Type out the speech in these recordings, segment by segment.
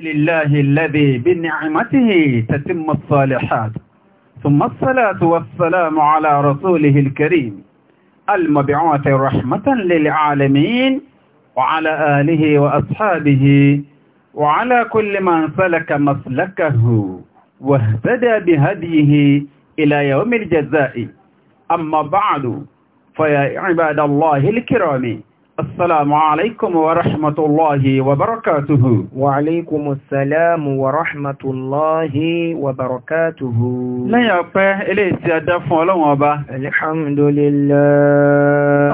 لله الذي بنعمته تتم الصالحات ثم الصلاة والسلام على رسوله الكريم المبعوث رحمة للعالمين وعلى آله وأصحابه وعلى كل من سلك مسلكه واهتدى بهديه إلى يوم الجزاء أما بعد فيا عباد الله الكرام السلام عليكم ورحمة الله وبركاته وعليكم السلام ورحمة الله وبركاته لا يبقى إلي سيادة فولو وبا الحمد لله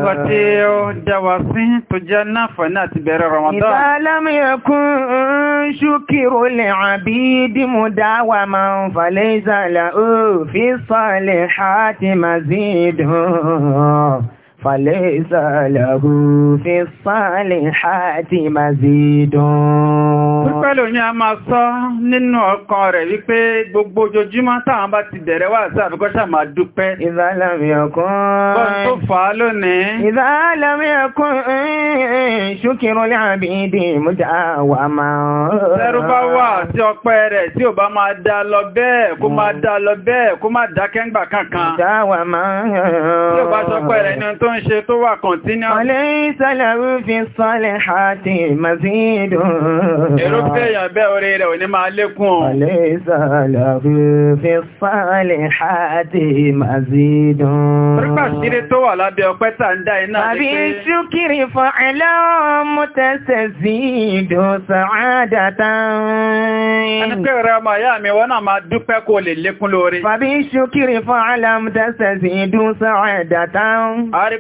وتيو دواسين تجانا فنات بير رمضان إذا لم يكن شكر لعبيد مداوما فليس له في الصالحات مزيد فليس له في الصالحات مزيد Pípẹ́lò ní a máa sọ nínú ọkàn rẹ̀ wípé gbogbo ojoojúmọ́ táwọn bá ti bẹ̀rẹ̀ wà sí àfikọ́ṣà máa dúpẹ́. Ìzálàmìọ̀kún. Bọ́n tó fà á lónìí. Ìzálàmìọ̀kún ṣúkìrún láàbí ìdí mújà wà máa. Tẹ́rú bá ń ṣe tó wà continuous. Ọlé ìsẹ́lẹ̀rú fi sọ́lẹ̀ àti Màzídò. Irúfẹ́ èèyàn bẹ́ orí rẹ̀ ò ní máa lékún. Ọlé ìsẹ́lẹ̀rú fi sọ́lẹ̀ àti Màzídò. Rípa sí ìdò sàádàtà.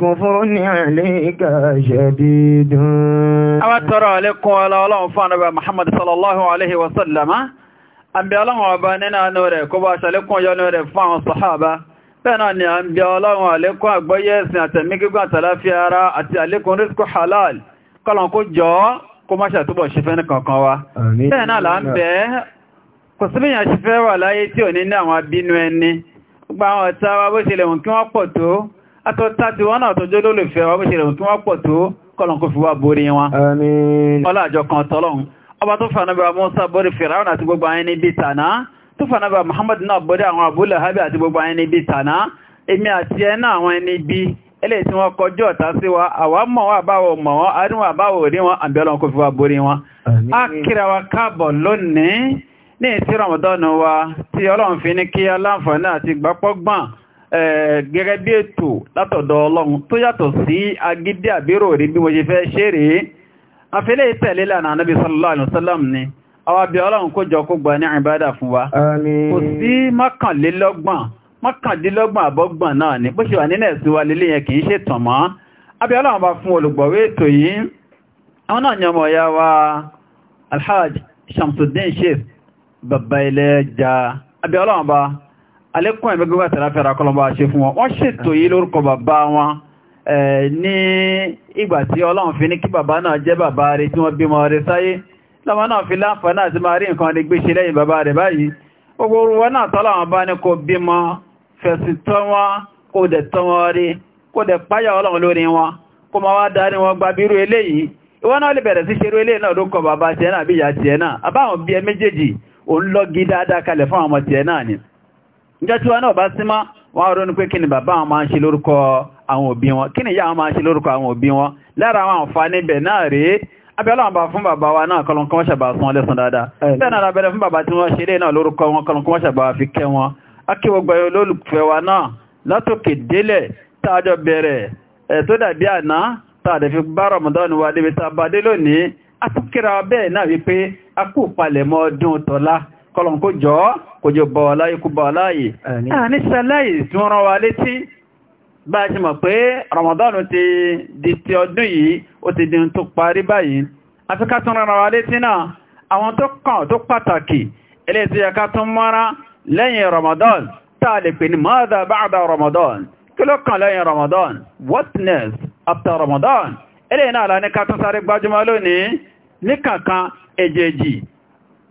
كفر عليك شديد أما ترى لكم ولا محمد صلى الله عليه وسلم àbí ọlọ́run ọba nínú àánú rẹ̀ kó bá ṣàlékún ọyọ́nú rẹ̀ fún àwọn sọ̀hábà bẹ́ẹ̀nà ni a ń bí ọlọ́run àlékún àgbọ́yé ẹ̀sìn àtẹ̀mí gígùn àtàláfíà ara àti àlékún rísíkò halal kọ́lọ̀n kó jọ kó má ṣàtúbọ̀ ṣe fẹ́ àtọ́ta ti wọ́n náà tọ́jọ́ ló lè fẹ́ wa bó ṣe rẹ̀ kí wọ́n pọ̀ tó kọ́lọ̀n kó fi wá borí wọn ọlọ́àjọ kan tọ́lọ́hun ọba tó fànàbà Mùsá borí Fìráúnà àti gbogbo ayé níbi tàná tó fànàbà Muhammad náà borí àwọn Abu Lahab àti gbogbo ayé níbi tàná èmi àti ẹ náà àwọn ẹni bí ẹlẹ́ tí wọ́n kọjú ọ̀tá sí wa àwa mọ̀ wà báwọ̀ mọ̀ wọ́n adúnwà báwọ̀ rí wa káàbọ̀ lónìí ní ìsí Ramadan wa tí gẹ́gẹ́ bí ètò látọ̀dọ̀ ọlọ́run tó yàtọ̀ sí agídí àbírò rí bí mo ṣe fẹ́ ṣe rí afẹ́lẹ́ ìtẹ̀lé lànà anábì sallallahu ni àwọn abẹ́ ọlọ́run kó jọ kó gbà ní ìbádà fún wa kò sí ni bó ṣe wà nínú ẹ̀sìn wa lélé yẹn kì í ṣe tàn mọ́ abẹ́ ọlọ́run bá shamsuddin sheikh bàbá ilẹ̀ ẹja abẹ́ alẹ́kùn ẹ̀mẹ́ gbogbo àtàràfẹ́ra kọlọmbà ṣe fún wọn wọ́n ṣètò yìí lórúkọ bàbá wọn ní ìgbà tí ọlọ́run fi ní kí bàbá náà jẹ́ bàbá rẹ̀ tí wọ́n bímọ rẹ̀ sáyé lọ́mọ náà fi láǹfààní àti máa rí nǹkan rẹ̀ gbé ṣe lẹ́yìn bàbá rẹ̀ báyìí gbogbo wọn náà tọ́lọ́run bá ní kó bímọ fẹ̀sìn tọ́ wọn kó dẹ̀ rí kó ni níjọ́ tí náà bá símá wọ́n ronú pé kí ni bàbá wọn máa ń ṣe lórúkọ àwọn òbí wọn kí ni ìyá wọn máa ń ṣe lórúkọ àwọn òbí wọn lára àwọn àǹfààní náà rèé abẹ́lọ́ fún bàbá wa náà kọlùn kọ́ ṣàbà sún ọlẹ́sùn dáadáa bẹ́ẹ̀ fún bàbá tí wọ́n ṣe náà lórúkọ wọn kọ́ fi kẹ́ wọn olólùfẹ́ wa náà látòkè délẹ̀ bẹ̀rẹ̀ tó dàbí àná fi bá rọmọdọ́nù wa débi kọlọ̀n kó jọ kòjò bọ̀ láyé kú bọ̀ láyé ní sẹ́láyì tí wọ́n rán wa létí bá ṣe mọ̀ pé Ramadan ti di ti ọdún yìí ó ti di tó parí báyìí afẹ́ká tún rán wa létí náà àwọn tó kàn tó pàtàkì ilé tí ẹka tún Ramadan tàà lè pè Ramadan kí ló kàn Ramadan what after Ramadan ilé náà lá ní ká tún sáré gbájúmọ́ lónìí ní kankan èjèèjì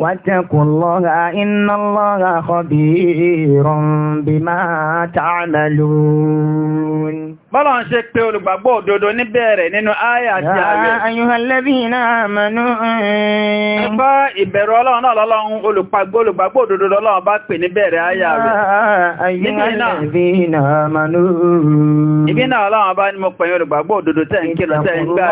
واتقوا الله إن الله خبير بما تعملون Bọ́lá ń ṣe pé olùgbàgbọ́ òdodo ní bẹ̀rẹ̀ nínú àyà àti ààrẹ. Àyùhànlẹ́bí náà mẹ́nu ẹ̀ẹ́. Ẹgbọ́ ìbẹ̀rù ọlọ́run náà lọ́lọ́run olùgbàgbọ́ òdodo lọ́lọ́run bá pè ní bẹ̀rẹ̀ àyà rẹ̀. Àyùhànlẹ́bí náà mẹ́nu ẹ̀ẹ́. Ibi náà ọlọ́run bá ní mo pẹ̀yìn olùgbàgbọ́ òdodo tẹ́ ń kìlọ̀ tẹ́ ń gbà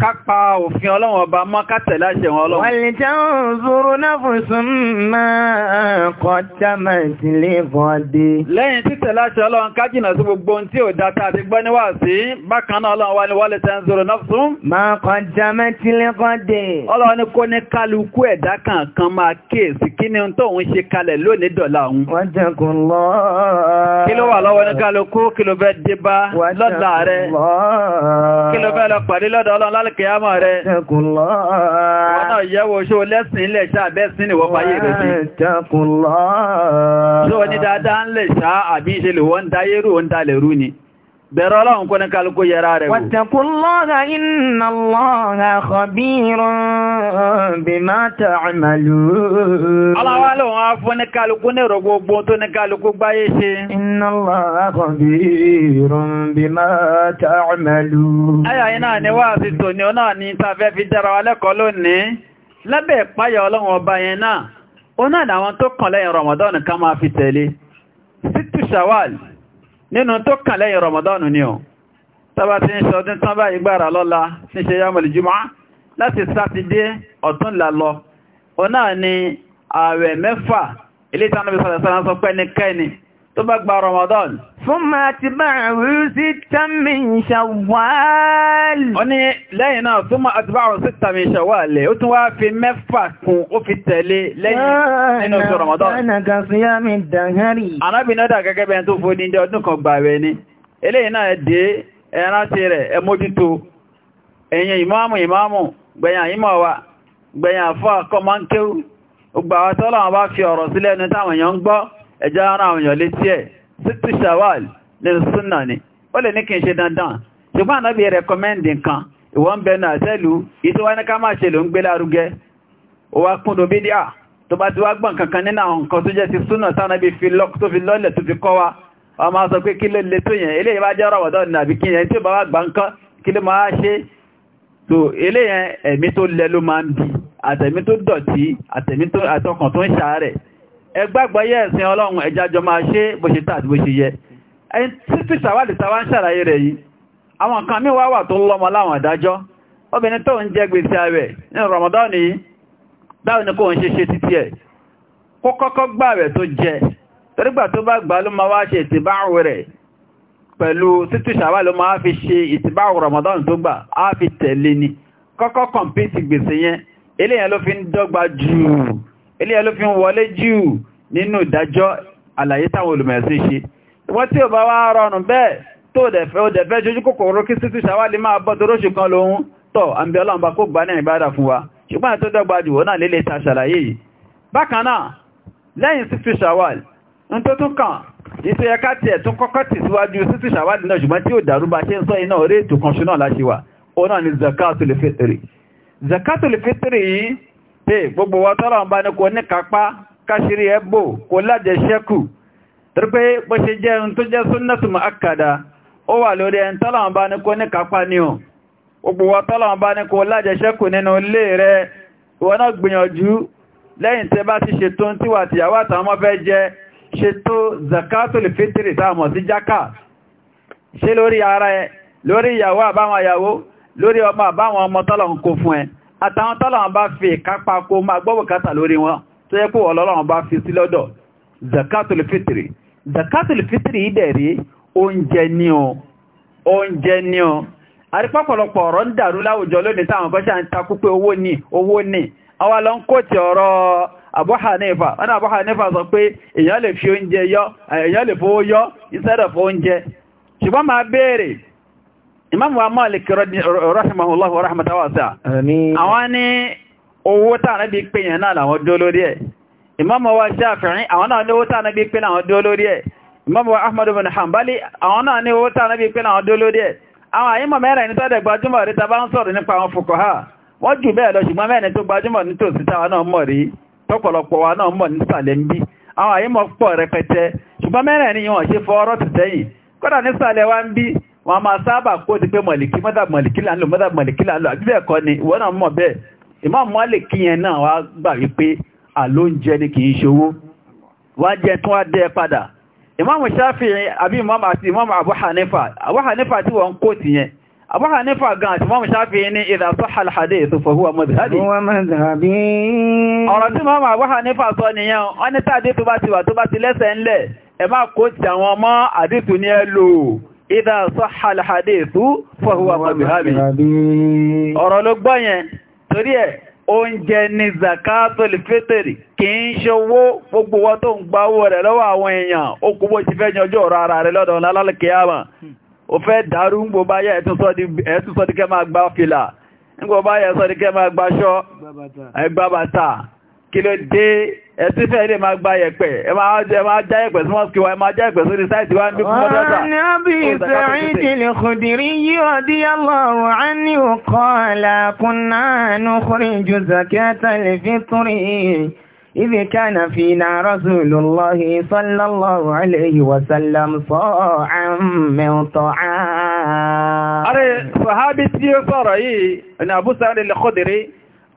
kápa òfin ọlọ́wọ̀n ọba mọ́ kátẹ̀ láṣẹ ọlọ́wọ̀n. wọ́n lè jẹ́ náà fún súnmọ́ kọjámà ìtìlẹ̀ ìbọ̀dé. lẹ́yìn títẹ̀ láṣẹ ọlọ́run kájìnà sí gbogbo tí ò dá tá gbọ́ níwà kí ló wà dé bá lọ́dà rẹ̀ kí ló fẹ́ lọ pàdé lọ́dọ̀ ọlọ́run lálẹ́kẹ̀ àmà rẹ̀ wọ́n náà yẹ̀wò ṣó lẹ́sìn ilẹ̀ ṣáà bẹ́sìn ni wọ́n fayé rẹ̀ sí ṣó ní dáadáa ń lè ṣáà àbí ìṣẹ́lẹ̀ wọ́n dáyérò ń dalẹ̀ rú bẹ̀rọ ọlọ́run kó ní kálukú yẹra rẹ̀ wò. wattaqullaha innallaha khabirun bima ta'malun. aláwọ̀ ló wọ́n á fún ní kálukú ní ìrọ̀ gbogbo tó ní kálukú gbáyé ṣe. innallaha khabirun bima ta'malun. ayà yìí náà ni wáá sí tòní ọ náà ní tafẹ́ fi dára wa ìpáyà ọlọ́run ọba yẹn náà ó náà làwọn tó kàn lẹ́yìn Ramadan ká máa fi tẹ̀lé sítú Shawwal nínú tó kàn lẹ́yìn Ramadan ni ọ tàbá ti ń ṣọdún tán bá ìgbàrà lọ́la tí ṣe yámọ̀lì jùmọ́ láti sátidé ọ̀tún lálọ ọ̀nà ni ààrẹ mẹ́fà ilé ìtànàbí sọ̀rọ̀ sọ́pẹ́ ní kẹ́ni tó bá gba Ramadan. Fún máa ti bá àrùn sí tàmí ṣàwàlì. Ó ní lẹ́yìn náà tó máa ti bá àrùn sí tàmí ṣàwàlì, ó tún wá fi mẹ́fà kún ó fi tẹ̀lé lẹ́yìn nínú oṣù Ramadan. Arábìnrin náà dà gẹ́gẹ́ bẹ́ẹ̀ tó fò ní ìjọ ọdún kan gbà rẹ̀ ni. Eléyìí náà dé ẹ̀rántí rẹ̀ ẹ mójútó. Ẹ̀yin ìmáàmù ìmáàmù gbẹ̀yìn àyímọ̀ wa gbẹ̀yìn àfọ́ àkọ́ máa ń kéwú. Gbogbo àwọn tọ́lọ̀ bá fi ọ̀rọ̀ sílẹ̀ ní táwọn èèyàn ń gbọ́ ẹjọ́ ara àwọn èèyàn létí ẹ̀ sítú shawal nínú súnà ni ó lè ní kí n ṣe dandan ṣùgbọ́n ànábì rẹ̀kọ́mẹ́ndì kan ìwọ́n ń bẹnu àtẹ́lù ìtí wọ́n ní ká máa ṣe ló ń gbé lárugẹ ó wá kúndùn bídíà tó bá le tó yẹn eléyìí bá jẹ́ rọ̀wọ̀dọ́ ní àbí kí yẹn tí ó bá wá gbà ń kán kí ló máa ṣe tó eléyẹn ẹ̀mí tó lẹ ló máa ń bi àtẹ̀mí tó dọ̀tí àtẹ̀mí tó àtọkàn tó ń ṣàárẹ̀ ẹgbàgbáyé ẹ̀sìn ọlọ́run ẹjájọ máa ṣe bó ṣe tàbí bó ṣe yẹ ẹ̀yìn títí sàwádìí tàwá ń ṣàlàyé rẹ̀ yìí àwọn kan mí wáwà tó lọ́mọ láwọn àdájọ́ obìnrin tó ń jẹ gbèsè rẹ̀ ní Ramadan yìí báwo ni kò ń ṣe ṣe títí ẹ̀ kó kọ́kọ́ gbà rẹ̀ tó jẹ torígbà tó bá gbà ló máa ṣe ṣe ilé ẹ ló fi ń wọlé jù nínú ìdájọ́ àlàyé táwọn olùmẹ̀sìn ṣe wọ́n tí ò bá wá rọrùn bẹ́ẹ̀ tó dẹ̀fẹ́ ó dẹ̀fẹ́ jójú kòkòrò kí sí túnṣà wá lè máa bọ́ toróṣù kan lóhun tọ́ àmì ọlọ́mbà kó gbá náà ìbára fún wa ṣùgbọ́n tó dọ́gba jùwọ́ náà lélẹ̀ ta ṣàlàyé yìí bákan náà lẹ́yìn sí túnṣà wà ń tó tún kàn ìṣe ni zakatul fitri zakatul fitri yìí gbogbo wa tọ́lọ̀ ń bá ní kò ní kápá káṣírí ẹbò kò lájẹ ṣẹ́kù torípé bó ṣe jẹ́ ohun tó jẹ́ súnnàtù mu'akkada ó wà lórí ẹni tọ́lọ̀ ń bá ní kò ní kápá ní o gbogbo wa tọ́lọ̀ ń bá ní kò lájẹ ṣẹ́kù nínú ilé rẹ ìwọ náà gbìyànjú lẹ́yìn tẹ́ bá ti ṣètò tí wà àtàwọn fẹ́ jẹ ṣètò zakatul fitri táàmọ̀ sí jákà ṣe lórí ara ẹ lórí ìyàwó àbáwọn ìyàwó lórí ọmọ àbáwọn ọmọ tọ́lọ̀ ń kó fún ẹ àtàwọn tọ́lọ̀wọ̀n bá fi kápá kó máa gbọ́ bùkátà lórí wọn tó yẹ kó ọlọ́lọ́wọ̀n bá fi sí lọ́dọ̀ zakatul fitri zakatul fitri ìdẹ̀rí oúnjẹ ní o oúnjẹ ní o àrípọ̀pọ̀lọpọ̀ ọ̀rọ̀ ń dàrú láwùjọ lónìí táwọn ń takú pé owó ní owó ní àwa lọ ń kóòtì ọ̀rọ̀ wọn sọ pé èèyàn lè fi oúnjẹ yọ èèyàn lè fowó yọ oúnjẹ ṣùgbọ́n máa béèrè Imam wa Malik rahimahullahu wa rahmata wasi'a. Àmín. Àwọn ní owó tàà náà bí pé yẹn náà làwọn dó lórí ẹ̀. Imam wa Shafi'i, àwọn náà ní owó tàà náà bí pé làwọn dó lórí ẹ̀. Imam wa Ahmad bin Hanbali, àwọn náà ní owó tàà náà bí pé làwọn dó lórí ẹ̀. Àwọn àyímọ̀ mẹ́rin ní tọ́dẹ̀ gbajúmọ̀ rí tàbá ń sọ̀rọ̀ nípa àwọn fuqaha. Wọ́n jù bẹ́ẹ̀ lọ ṣùgbọ́n mẹ́rin tó gbajúmọ̀ nítòsí táwa náà mọ̀ rí, tọ́pọ̀lọpọ̀ wa náà mọ̀ nísàlẹ̀ ń bí. Àwọn àyímọ̀ pọ̀ rẹpẹtẹ, ṣùgbọ́n mẹ́rin ni wọ́n ṣe fọ́ ọ̀rọ̀ tìtẹ́yìn. Kọ́dà nísàlẹ̀ wa ń wọ́n máa sábà kó ti pé mọ̀lìkí mọ́dà mọ̀lìkí là ń lò mọ́dà mọ̀lìkí là ń àbíbẹ̀ ẹ̀kọ́ ni ìwọ́n náà mọ̀ bẹ́ẹ̀ Imam Malik yẹn náà wá gbà wípé àlóúnjẹ ni kì í ṣowó wá jẹ tún wá dẹ́ padà Imam Shafi'i àbí Imam àti Imam Abu Hanifa Abu Hanifa tí wọ́n ń kó ti yẹn Abu Hanifa gan àti Imam Shafi'i ní idha sahha al-hadith fa huwa madhhabi ọ̀rọ̀ tí Abu Hanifa sọ nìyẹn wọ́n ní tàdé tó bá ti wà tó bá ti lẹ́sẹ̀ ńlẹ̀ ọmọ àdìtú ìdá sọ́hàlì hadithu fọ́húwà pàbíhábì ọ̀rọ̀ ló gbọ́ yẹn torí ẹ̀ oúnjẹ ni zakatul fitri kì í ṣowó gbogbo wọ́n tó ń gbáwó rẹ̀ lọ́wọ́ àwọn èèyàn ó kú bó ti fẹ́ yanjú ọ̀rọ̀ ara rẹ̀ lọ́dọ̀ lálálẹ́kẹ̀ẹ́mà ó fẹ́ kí ló dé ẹ̀tí fẹ́ ilé máa gba yẹ̀pẹ̀ ẹ máa já yẹ̀pẹ̀ sí mọ́sí wa ẹ máa já yẹ̀pẹ̀ sórí sáìtì wa ń bí fún mọ́dọ́ta wọ́n ní bí Sa'id al-Khudri radiyallahu anhu qala kunna nukhriju zakata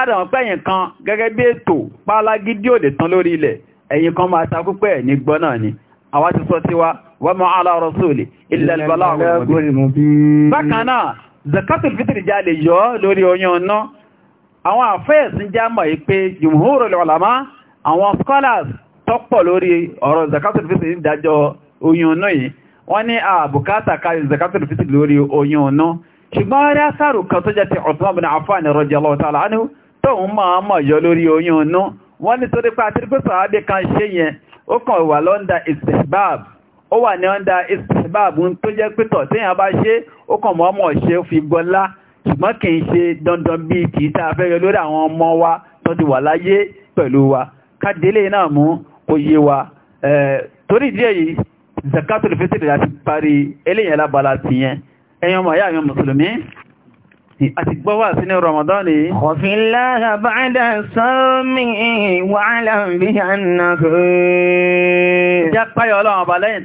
àdàmọ̀ pẹ́yìn kan gẹ́gẹ́ bí ètò pálágídí òdè tán lórí ilẹ̀ ẹ̀yìn kan máa takúpẹ́ ní gbọ́nà ni àwa ti sọ tiwa wa ma ala rasuli illa al-balagul mubin bákan náà zakatul fitr jáde yọ lórí oyún ọ̀nà àwọn àfẹ́ẹ̀sìn já mọ̀ yí pé jumhurul ulama àwọn scholars tọ́pọ̀ lórí ọ̀rọ̀ zakatul fitr dájọ́ oyún ọ̀nà yìí wọ́n ní àbùkátà kárí zakatul fitr lórí oyún ọ̀nà tóun máa mọ̀ yọ lórí oyún inú wọ́n ní torí pé àtìrí pé sàábé kan ṣe yẹn ó kàn wà lọ́ndà istihbab ó wà ní ọ́ndà istihbab tó jẹ́ pẹ́tọ̀ téèyàn bá ṣe ó kàn mọ́ mọ̀ ṣe fi gbọ́lá ṣùgbọ́n kì í ṣe dandan bíi kì í tá a lórí àwọn ọmọ wa tó ti wà láyé pẹ̀lú wa kádélé náà mú kó yé wa torí díẹ̀ yìí zakatul fitr láti parí eléyìn alábala tìyẹn ẹ̀yàn ọmọ ìyá mi mùsùlùmí àti gbọ́wà sí ní Ramadani. Ọ̀fìnlára ba'da sọ́mí wà láàbí ànàkó. Ìjá páyọ̀ ọlọ́run ọba lẹ́yìn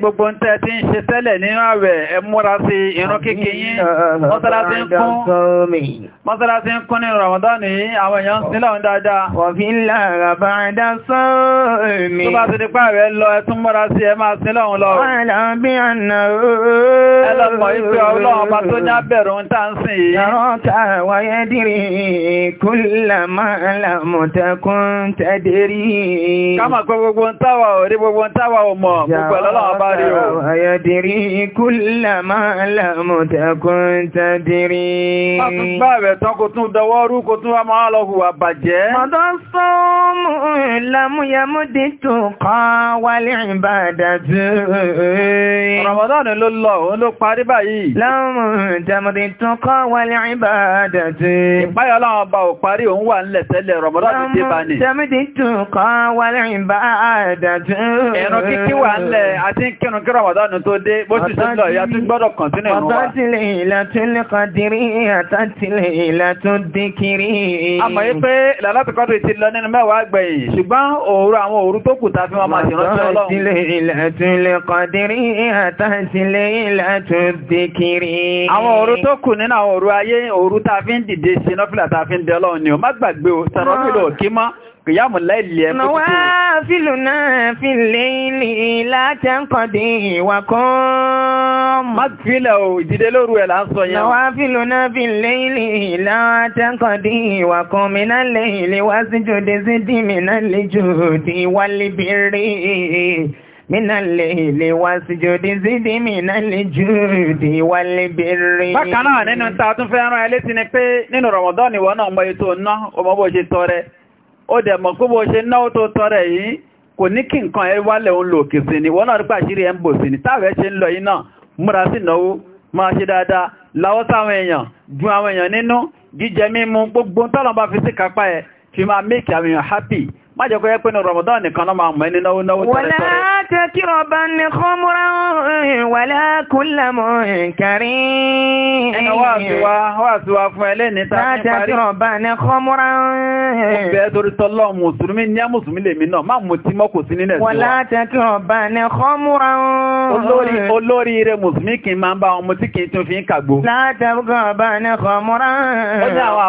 gbogbo tẹ́ ti ń ṣe tẹ́lẹ̀ nínú àwẹ̀ ẹ sí irun kíkì yín. Mọ́sálásí ń kún ní Ramadani, àwọn èèyàn sílọ̀ ń dáadáa. Ọ̀fìnlára ba'da sọ́mí. Tó bá ti nípa rẹ̀ lọ ẹtún mọ́ra sí ẹ máa sin lọ́run lọ. Àlàbí ànà ooo. Ẹlọ́pọ̀ ìpé ọlọ́run bá tó ní àbẹ̀rù ń tà ń sìn yìí. Yàrọ́ta wáyé dìrì kú lámàlàmùtẹ́kùn tẹ́dẹ̀rí. Kámà pé gbogbo ń táwà ò rí gbogbo ń táwà ò mọ̀ gbogbo ẹlọ́lọ́run bá rí o. Wáyé dìrì kú lámàlàmùtẹ́kùn tẹ́dẹ̀rí. Má tún gbá rẹ̀ tán kò tún dọwọ́ rú kò tún wá máa lọ hùwà bàjẹ́. Mọ̀dọ́ sọ́ọ́mù ìlàmúyàmúdì tó kọ́ wálé ìbádàtú. Ramadan ló lọ, òun ló parí báyìí. Lọ́rùn jàmùdí tún kọ́ wálé ìbádàtú. Ìpáyọ̀ ọlọ́run ọba ò parí òun wà nílẹ̀ tẹ́lẹ̀ Ramadan ti dé bá ní. Jàmùdí tún kọ́ wálé ìbádàtú. Ẹ̀rọ kíkí wà nílẹ̀ àti kírun kí Ramadan tó dé bó ti ṣe ìyá fi wọ́n máa ṣèrántí ọlọ́run. Màtọ́sílẹ̀ ìlàtúlẹ̀ kọ̀dírí àtàsílẹ̀ ìlàtúndékiri. Àwọn òru tó kù nínú àwọn òru ayé òru tá fi ń dìde ṣe nọ́fìlà tá fi ń dẹ ni ó má gbàgbé o, sẹ̀rọ̀ kìyàmù láìlì ẹ̀ pẹ̀lú. wá fìlù náà fi lè lè láti ìwà kan. má fílẹ̀ o ìdílé lóru ẹ̀ là ń sọ yẹn. wá fìlù náà fi lè lè láti ẹ̀kọ́dé ìwà kan mi náà lè lè wá sí jòdè sí dì mina náà lè jòdè wá lè bèrè. من الليل واسجد زد من nínú tá tún fẹ́ rán létí ni pé nínú Ramadan ni wọ́n náà mọ ètò ọ̀nà ọmọ bó ṣe tọrẹ ó dẹ̀ mọ̀ pé bó ṣe náwó tó tọrẹ yìí kò ní kí nǹkan ẹ wálẹ̀ òun lò ni wọ́n náà rí pàṣírí sí ni ṣe ń lọ yi náà múra sí náwó ma ṣe dáadáa láwọ́ sáwọn èèyàn ju àwọn èèyàn nínú jíjẹ gbogbo tọ́lọ́ bá fi sí kápá fi má jẹ́ kó yẹ pé ní nìkan náà máa mọ̀ ẹni náwó náwó tọ́rẹ tọ́rẹ. wala takrabanna khamran wala kulla munkarin. ẹnà wá sí wa wá sí wa fún ẹlẹ́ni tá a ní parí. wala takrabanna khamran. bẹ́ẹ̀ torí tọ́lọ́ mùsùlùmí ní àmùsùlùmí lèmi náà má mú tí mọ́kò sí nílẹ̀ sí wa. wala takrabanna khamran. olórí ire mùsùlùmí kì í máa ń bá ọmọ tí kì í tún fi ń kàgbó. wala takrabanna khamran. ó ní àwọn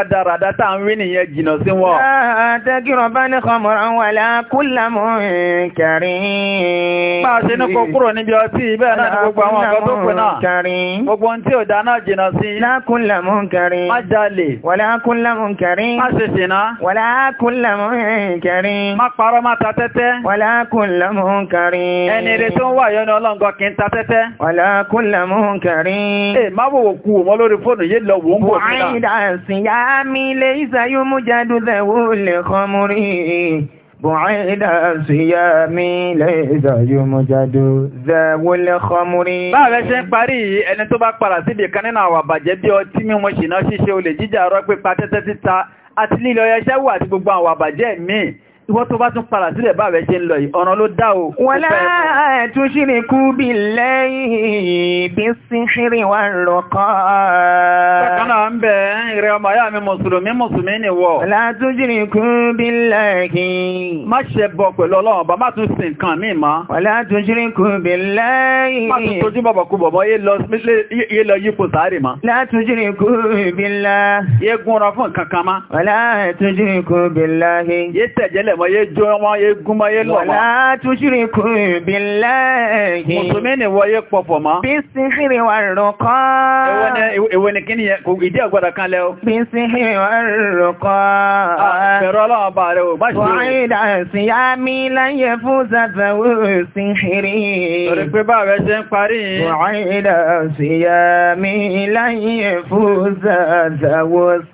àfọ wọ̀. àtẹ́gìrọ̀ bá ní kọmọ̀rán wà lákúlàmù kẹrin. máa ṣe ní kó kúrò níbi ọtí bẹ́ẹ̀ náà ní gbogbo àwọn ọ̀gọ́ tó pè náà. gbogbo ohun tí ò dá náà jìnà sí. lákúlàmù kẹrin. má jalè. wà lákúlàmù kẹrin. má ṣe ṣìnà. wà lákúlàmù kẹrin. má parọ́ má ta tẹ́tẹ́. wà lákúlàmù kẹrin. ẹni rẹ tó ń wà yọ ní ọlọ́ngọ kì ta tẹ́tẹ́. wà lákúlàmù kẹrin. ẹ má wò kú mọ́ lórí fóònù yé lọ wò ń bò ذوو الخمر بعيد الصيام ليس يمجد ذوو الخمر báwo ṣe ń parí yìí ẹni tó bá padà síbi kan nínú àwọn àbàjẹ́ bí ọtí mímu ṣìnà ṣíṣe olè jíjà rọ́pípa tẹ́tẹ́ títa àti lílọ ẹṣẹ́wò àti gbogbo àwọn àbàjẹ́ míì ìwọ́ tó bá tún padà sílẹ̀ bá rẹ̀ ṣe ń lọ yìí ọ̀ràn ló dá o. wọ́n láà tún ṣírí kú bí lẹ́yìn bí sí ṣírí wà lọ́kọ́. kọ́kànlá ń bẹ̀ ìrẹ ọmọ ayá mi mùsùlùmí mùsùlùmí ni wọ́. láà tún ṣírí kú bí lẹ́yìn. má ṣe bọ pẹ̀lú ọlọ́run bá tún sin nǹkan mí mọ́. wọ́n láà tún ṣírí kú bí lẹ́yìn. má tún tojú lẹ̀ yé jó wọ́n yé gún mọ́ yé lọ mọ́. wala tushriku billahi. mùsùlùmí ni wọ́n yé pọ̀pọ̀ mọ́. bí sihiri wà rọ̀kọ́. èwo ni kíni yẹn ìdí ọ̀gbọ́dọ̀ kan lẹ́ o. bí sihiri wà rọ̀kọ́. bẹ̀rù ọlọ́run bá rẹ o má ṣe.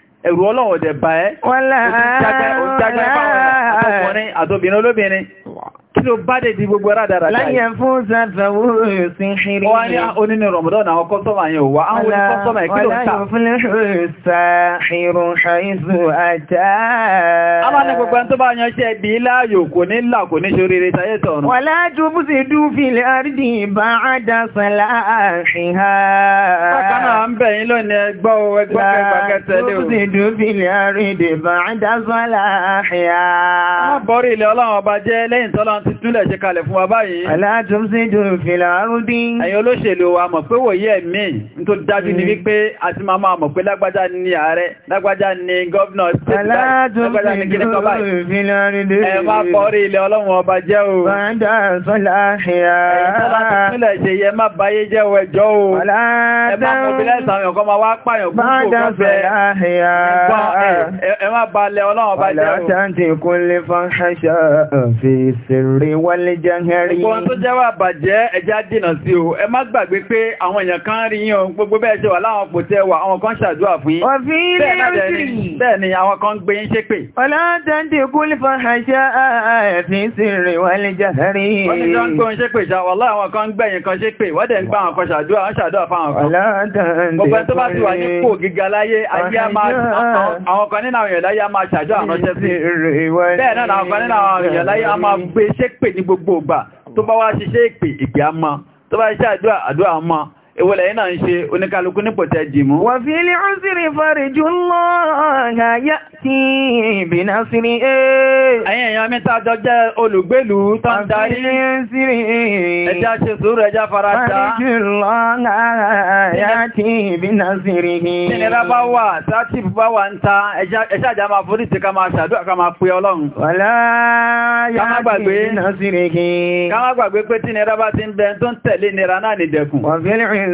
ẹ̀rù ọlọ́wọ̀dẹ̀ bá ẹ́ kí ló bá dé di gbogbo rádàrà dáyé. láyé fún sàfàwò òsìn ṣírí. wọ́n ní onínú Ramadan àwọn kọ́sọ́mà yẹn wà àwọn olùkọ́sọ́mà ìkílò ń ta. wọ́n yóò sàṣírò ṣàìsù àjá. a máa ní gbogbo tó bá yan ṣe bí láàyò kò ní là kò ní ṣoríire tayé tọ̀nù. wà lájú bú ti dún fìlẹ̀ àrídì bá àdá sàlá àṣìhá. bákan náà ń bẹ̀ yín lónìí ti túnlẹ̀ ṣe kalẹ̀ fún wa báyìí. Aláàtún sí jùlọ fìlà arúdí. Ẹ̀yin olóṣèlú wa mọ̀ pé wòye ẹ̀mí tó dájú ní hmm. wípé a ti máa máa mọ̀ pé lágbájá ni ààrẹ, lágbájá ni gọ́vnà, lágbájá ni ọlọ́run ọba jẹ́ o. Bàdà sọ́lá àṣìyà. Ẹ̀yin tó láti túnlẹ̀ ṣe sirri wal jahri. Gbogbo tó jẹ́ wà bàjẹ́ ẹja dìnà sí o. Ẹ má gbàgbé pé àwọn èèyàn kan rí yín o. Gbogbo bẹ́ẹ̀ ṣe wà láwọn kò tẹ́ wà, àwọn kan ṣàdúrà fún yín. Òfin ilé òsì. Bẹ́ẹ̀ ni àwọn kan gbé yín ṣépè. Ọlọ́dọ̀ndì kúlì fàṣà fi sirri wal jahri. Wọ́n ti jọ ń gbóhun ṣépè ṣá, wà láwọn kan gbẹ̀yìn kan ṣépè, wọ́n dẹ̀ ń gbá àwọn kan ṣàdúrà, wọ́n ṣàdúrà fáwọn kan. Ọlọ́dọ̀ndì kúlì. Gbogbo tó bá ti wà ní kò gíga láyé, ayé á máa kan nínú àwọn èèyàn láyé á máa ṣàdúrà ránṣẹ́ sí. Bẹ́ẹ̀ náà ṣépè ní gbogbo ìgbà tó bá wá ṣiṣẹ́ ìpè ìpè àmọ́ tó bá ṣiṣẹ́ àdúrà àdúrà àmọ́ ìwọlẹ̀ yìí náà ń ṣe oníkálukú ní pọ̀tẹ́ jìmú. wà fi lè ń sírí fàrí jù lọ́ọ̀gá yá tí ìbìnà sírí ẹ́. ẹ̀yin èèyàn mi tàjọ jẹ́ olùgbèlú tó ń darí. wà fi lè ń sírí ẹjá ṣe sùúrù ẹjá farada. fàrí jù lọ́ọ̀gá yá tí ìbìnà sírí. ìnira bá wà sátì bá wà ń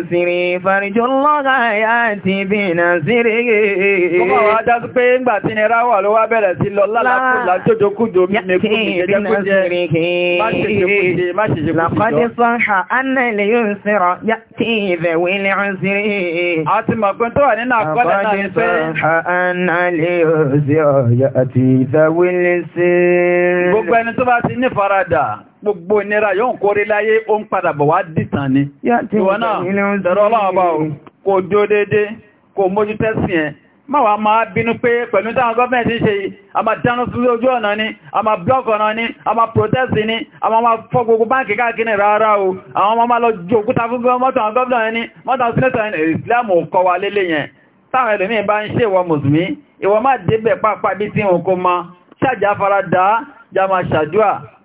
sírí fàríjọ́ lọ́gá àti bí na sírí gẹ̀ẹ́. Kọ́mọ̀ wá jású pé ń gbà tí ni ráwà ló wá bẹ̀rẹ̀ sí lọ lálàkùnlá jójókújò mímẹ́kúnjẹ. Gbogbo ẹni tó bá ti ní farada, gbogbo ìnira yóò ń kórí láyé ó ń padà bọ̀ wá dìtàn ni ìwọ náà tẹ̀rọ ọlọ́ọ̀bá o kò jó táwọn gọ́ọ̀mẹ̀ntì ni a máa blọ́ọ̀kì ọ̀nà ni a máa protest ni a máa fọ́ gbogbo báńkì káàkiri rárá o àwọn ọmọ máa lọ jó òkúta fún mọ́tò àwọn gọ́ọ̀mẹ̀ntì ẹni mọ́tò àwọn sínẹ́tọ̀ ẹni ìsìlámù kọ́ wa lélẹ̀ yẹn táwọn bá ń ṣe ìwọ mùsùlùmí ìwọ má débẹ̀ pàápàá bí tí wọn kò mọ ṣáàjà faradà já máa ṣàdúà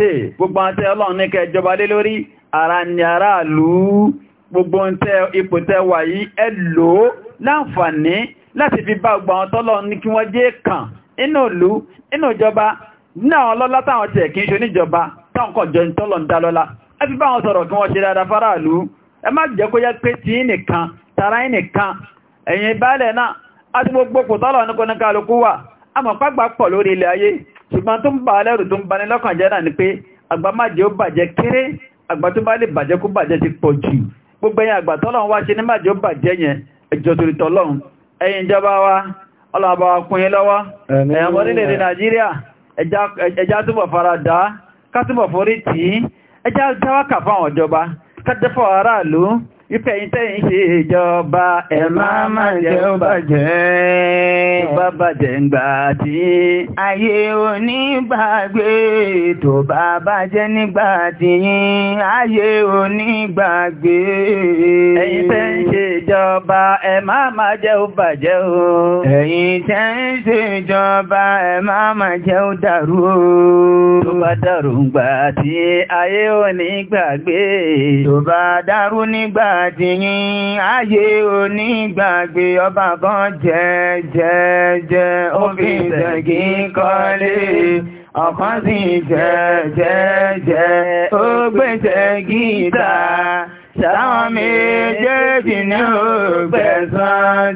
gbogbo àtẹ́ ọlọ́run ní kẹ́ jọba lé lórí ara ní aráàlú gbogbo ipò tẹ́ wà yìí ẹ lò ó láǹfààní láti fi bá gbogbo àwọn tọ́lọ́run ní kí wọ́n jẹ́ kàn inú ìlú inú ìjọba ní àwọn ọlọ́lá táwọn tẹ̀ kí ń ṣe oníjọba táwọn kọ̀ jọ tọ́lọ́run dá lọ́lá ẹ fi bá wọn sọ̀rọ̀ kí wọ́n ṣe ṣùgbọ́n tó ń bà lẹ́rù tó ń bani lọ́kàn jẹ́ náà ni pé àgbà má jẹ́ ó bàjẹ́ kéré àgbà tó bá lè ti pọ̀ gbogbo ẹ̀yin àgbà tọ́lọ́run wá ṣe ní má jẹ́ ó bàjẹ́ yẹn ẹjọ́ torí tọ́lọ́run ẹ̀yin ìjọba wa ọlọ́ọ̀bà wa kún yín lọ́wọ́ ẹ̀yàn Nàìjíríà túbọ̀ fara dá ká túbọ̀ forí tì í fáwọn ìjọba ká bàjẹ́ ń gbà tí. Ayé ò ní gbàgbé tó bá bàjẹ́ nígbà tí. Ayé ò ní gbàgbé. Ẹ̀yin tẹ́ ń ṣe ìjọba ẹ má má jẹ́ ó bàjẹ́ o. Ẹ̀yin tẹ́ ń ṣe ìjọba ẹ má má jẹ́ ó dàrú o. Tó bá dàrú ńgbà tí ayé ò Tó bá dàrú nígbà tí ayé ò ọba kan jẹ́ jẹ́ jẹ́ òfin ìtẹ̀gí kọ́lé ọ̀kan sì jẹ́ jẹ́ jẹ́ ó gbèsè gíta sáwọn méjèèjì ní ó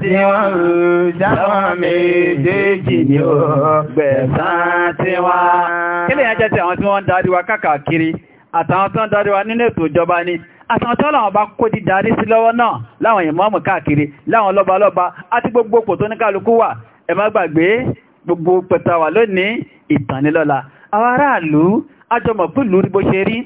tí wọ́n rú sáwọn méjèèjì ní ó tí wọ́n. kí lè yẹn jẹ́ ti àwọn tí wọ́n ń darí wa káàkiri àtàwọn tó ń darí wa nínú ètò ìjọba ni àtàwọn tó bá kó dídarí sí lọ́wọ́ náà láwọn ìmọ̀ọ́mù káàkiri láwọn lọ́balọ́ba àti gbogbo òpò tó ní kálukú wà ẹ má gbàgbé gbogbo pẹ̀tàwà lónìí ìtànilọ́la àwọn aráàlú ajọmọ̀ pẹ̀lú bó ṣe rí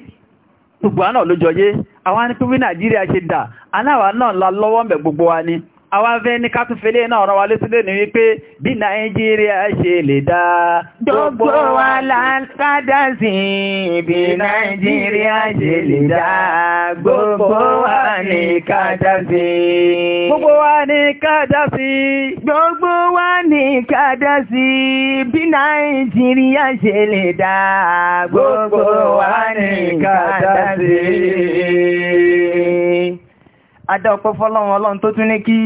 gbogbo àná lójọyé àwọn ní pípín Nàìjíríà ṣe dà aláwa náà lọ́wọ́ mẹ́ gbogbo wa ni àwọn afẹ́ ní ká tún fẹ́lé náà ọ̀rọ̀ wa lé sílé ní wípé bí nàìjíríà ṣe lè dá gbogbo wa láńkádà sí bí nàìjíríà ṣe lè dá gbogbo wa ní kádà sí gbogbo wa ní kádà sí gbogbo wa ní kádà sí bí nàìjíríà ṣe lè dá gbogbo wa ní kádà sí adá ọpẹ́ fọ́lọ́run ọlọ́run tó tún ní kí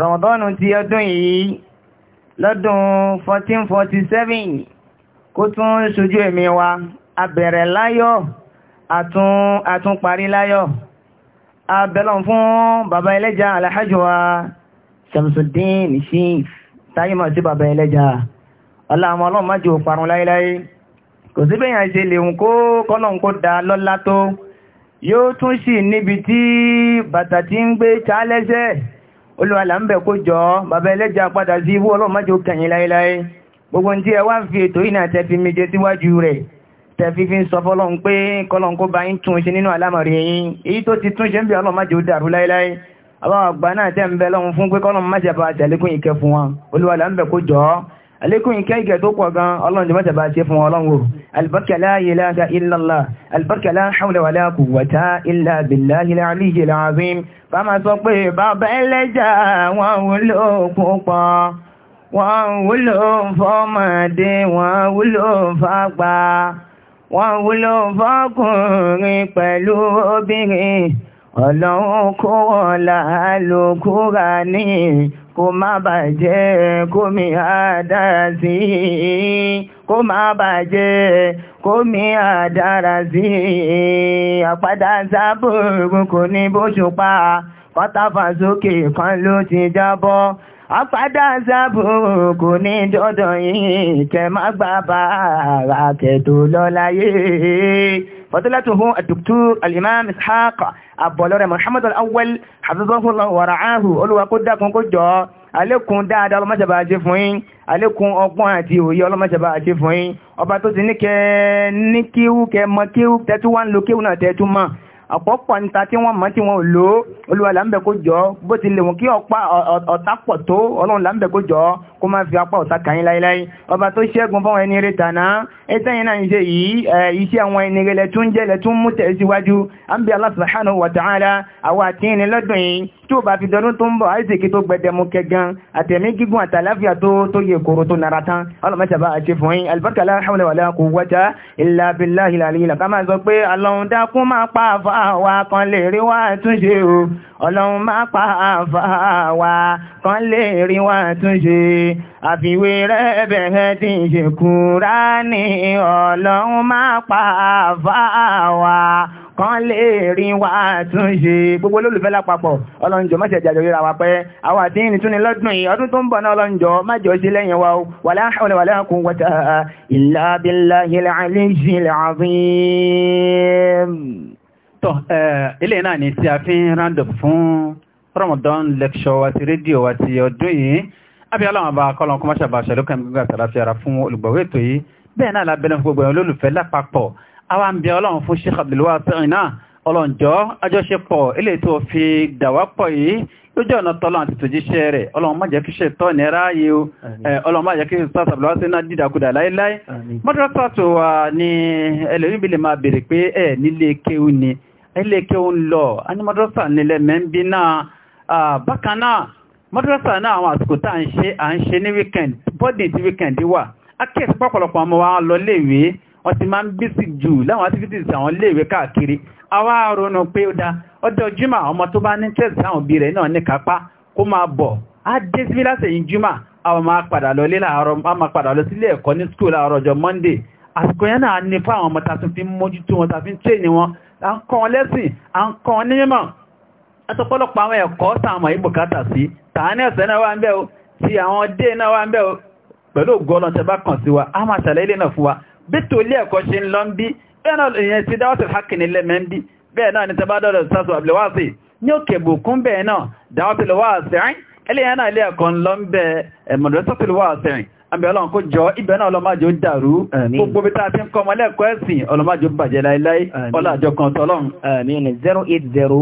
rọ̀mọ̀dọ́nù ti ọdún yìí lọ́dún 1447 kó tún ṣojú ẹ̀mí wa abẹ̀rẹ̀ láyọ̀ àtún àtún parí láyọ̀ abẹ́lọ́n fún bàbá ẹlẹ́jà alhaji wa Shamsuddin Shif táyímọ̀ sí bàbá ẹlẹ́jà ọláàmọ́ ọlọ́run má jẹ́ òparun láíláí kò síbẹ̀yàn ṣe lè yóò tún sì níbi tí bàtà ti ń gbé tálẹ́sẹ̀ olúwa là ń bẹ̀ kó jọ bàbá ẹlẹ́jà padà sí ibú ọlọ́mọdé kẹ̀yìn láéláé gbogbo tí ẹ wá ń fi ètò ìnà tẹ́fi méje síwájú rẹ̀ tẹ́fi fi ń sọ fọ́lọ́n pé kọ́lọ́n kó bá ń tún ṣe nínú àlámọ̀rí yín èyí tó ti tún ṣe ń bí ọlọ́mọdé ó alékún ìkẹ́ ìgẹ̀ tó pọ̀ gan ọlọ́run jẹmọ́ta bá ṣe fún ọlọ́run oòrùn albarka la ilaha illallah albarka la hawla wala quwwata illa billahi al-aliyyil azim bá ma sọ pé bàbá ẹlẹ́jà wọn wúlò púpọ̀ wọn wúlò fọ́mọdé wọn wúlò fàgbà wọn wúlò fọ́kùnrin pẹ̀lú obìnrin ọlọ́run kó wọn láàlò kúrà ní kó má bàjẹ́ kó mi àdára sí i kó má bàjẹ́ kó mi àdára sí i àpàdà sábòrò kò ní bóṣùpá pátáfà sókè kan ló ti jábọ́ àpàdà sábòrò kò ní dọ́dọ̀ yìí kẹ má gbà bàrà kẹ tó lọ فضلته الدكتور الإمام إسحاق أبولور محمد الأول حفظه الله ورعاه أولو قدكم قدو alékún dáadáa ọlọ́mọ́sẹ̀bà ajé fún yín alékún ọgbọ́n àti òye ọlọ́mọ́sẹ̀bà ajé fún yín ọba tó ti ní kẹ ní kíwú kẹ mọ kíwú tẹ́tú wá ń lo kíwú náà tẹ́tú mọ́ àpọ̀pọ̀ níta tí wọ́n mọ̀ tí wọ́n lò olúwa làǹbẹ̀ kó jọ bó ti lè wọ́n kí ọ̀pá ọ̀tá pọ̀ tó ọlọ́run làǹbẹ̀ kó jọ kó má fi apá ọ̀tá kàn yín láíláí ọba tó ṣẹ́gun fáwọn ẹni rẹ̀ tàná ẹ̀tẹ́ yẹn náà ń ṣe yìí iṣẹ́ àwọn ẹni rẹ̀ lẹ́tún jẹ́ lẹ́tún mú tẹ̀síwájú àǹbí Allah subhanahu wa ta'ala àwọn àti lọ́dún yìí tí ó bá fi dọdún tó ń bọ̀ àìsèké tó gbẹdẹmú kẹgan àtẹ̀mí gígùn àtàláfíà tó tó yẹ kóró tó nara tán ọlọ́mọṣàbá àti fún yín albarka la hawla wala quwwata illa billahi al sọ pé Ọlọ́run dákun máa pa àfọ́ àwa kan lè rí wá túnṣe o ọlọ́run má pa àfà àwa kan lè rí wá túnṣe àfiwé rẹ̀ bẹ̀rẹ̀ tí ń ṣe kúrá ní ọlọ́run má pa àfà àwa kan lè rí wá túnṣe gbogbo olólùfẹ́ lápapọ̀ ọlọ́njọ́ má ṣe jàjọ ríra wa pẹ́ àwọn àti ìrìn tún ni lọ́dún yìí ọdún tó ń bọ̀ náà ọlọ́njọ́ má jọ sí lẹ́yìn wa wala hawla wala quwwata illa billahil aliyyil azim tọ́ ilé náà ni tí a fi ń round-up fún Ramadan lecture wa ti rédíò wa ti ọdún yìí àbí aláwọn bá kọ́lọ̀ kọ́mọ́ṣà bá ṣẹlú kan gbígbà tàlàfíà ara fún olùgbọ̀wé ètò yìí bẹ́ẹ̀ náà lábẹ́lẹ́ fún gbogbo ẹ̀ olólùfẹ́ lápapọ̀ àwa ń bẹ ọlọ́run fún Sheikh Abdul Wasiu náà ọlọ́njọ́ àjọṣepọ̀ ilé tó fi dàwápọ̀ yìí lójú ọ̀nà tọ́lọ́ àti tòjíṣẹ́ rẹ̀ ọlọ́run má jẹ́ kí ṣe tọ́ nira yìí o ọlọ́run má jẹ́ kí ṣe tọ́sà bùlọ́wọ́ sí náà dídàkudà láéláé mọ́tò tó wà ní ẹlòmíbi lè máa béèrè pé ẹ̀ nílé kéwú ni ilé kí o ń lọ a ní madrasa nílẹ̀ mẹ́bí náà bákan náà madrasa náà àwọn àsìkò tá à ń ṣe à ń ṣe ní weekend bọ́dìn tí weekend wà akéèsì pọ̀pọ̀lọpọ̀ ọmọ wa lọ léèwé wọ́n ti máa ń bísí jù láwọn activities àwọn léèwé káàkiri àwa ronú pé ó dá ọjọ́ jimá ọmọ tó bá ní tẹ́sí àwọn òbí rẹ̀ náà ní kápá kó máa bọ̀ á dé sí lásẹ̀yìn jimá àwọn máa padà lọ lé láàárọ̀ a máa padà lọ sílé ẹ̀kọ́ ní school láàárọ̀ ọjọ́ monday àsìkò yẹn náà ní fún àwọn ọmọ tá a fi ń mójútó wọn tá a fi ń tẹ̀lé wọn à ń kọ́ lẹ́sìn à ń kọ́ ní mímọ̀ ẹtọ́pọ́lọpọ̀ àwọn ẹ̀kọ́ sàmọ̀ ìbùkátà sí tàání ẹ̀sẹ̀ náà wà ń bẹ o tí àwọn dé náà wà ń bẹ o pẹ̀lú ògọ́lọ́n tẹ bá kàn sí wa a máa ṣàlẹ́ ilé náà fún wa bí tó ilé ẹ̀kọ́ ṣe ń lọ bí bẹ́ẹ̀ náà ìyẹn ni tẹ bá dọ́dọ̀ sásù àbìlẹ̀wáàsì ní òkè bùkún bẹ́ẹ̀ náà dáwọ́sẹ̀ lọ́wọ́ àṣẹ́rìn ẹlẹ́yìn àbẹ̀ ọlọ́run kó jọ ibẹ̀ náà ọlọ́májò dàrú gbogbo bí táa ti ń kọmọ lẹ́ẹ̀kọ́ ẹ̀sìn ọlọ́májò bàjẹ́ láíláí ọlọ́àjọ kan tọ́lọ́run. àmín zero eight zero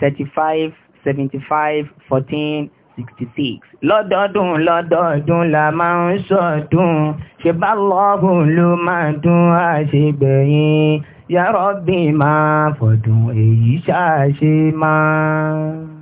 thirty five seventy five fourteen sixty six. lọ́dọọdún lọ́dọọdún la máa ń ṣọdún ṣe bá lọ́ọ̀hùn ló máa dún àṣegbẹ̀yìn yàrá bí máa fọ̀dún èyí ṣáà ṣe máa.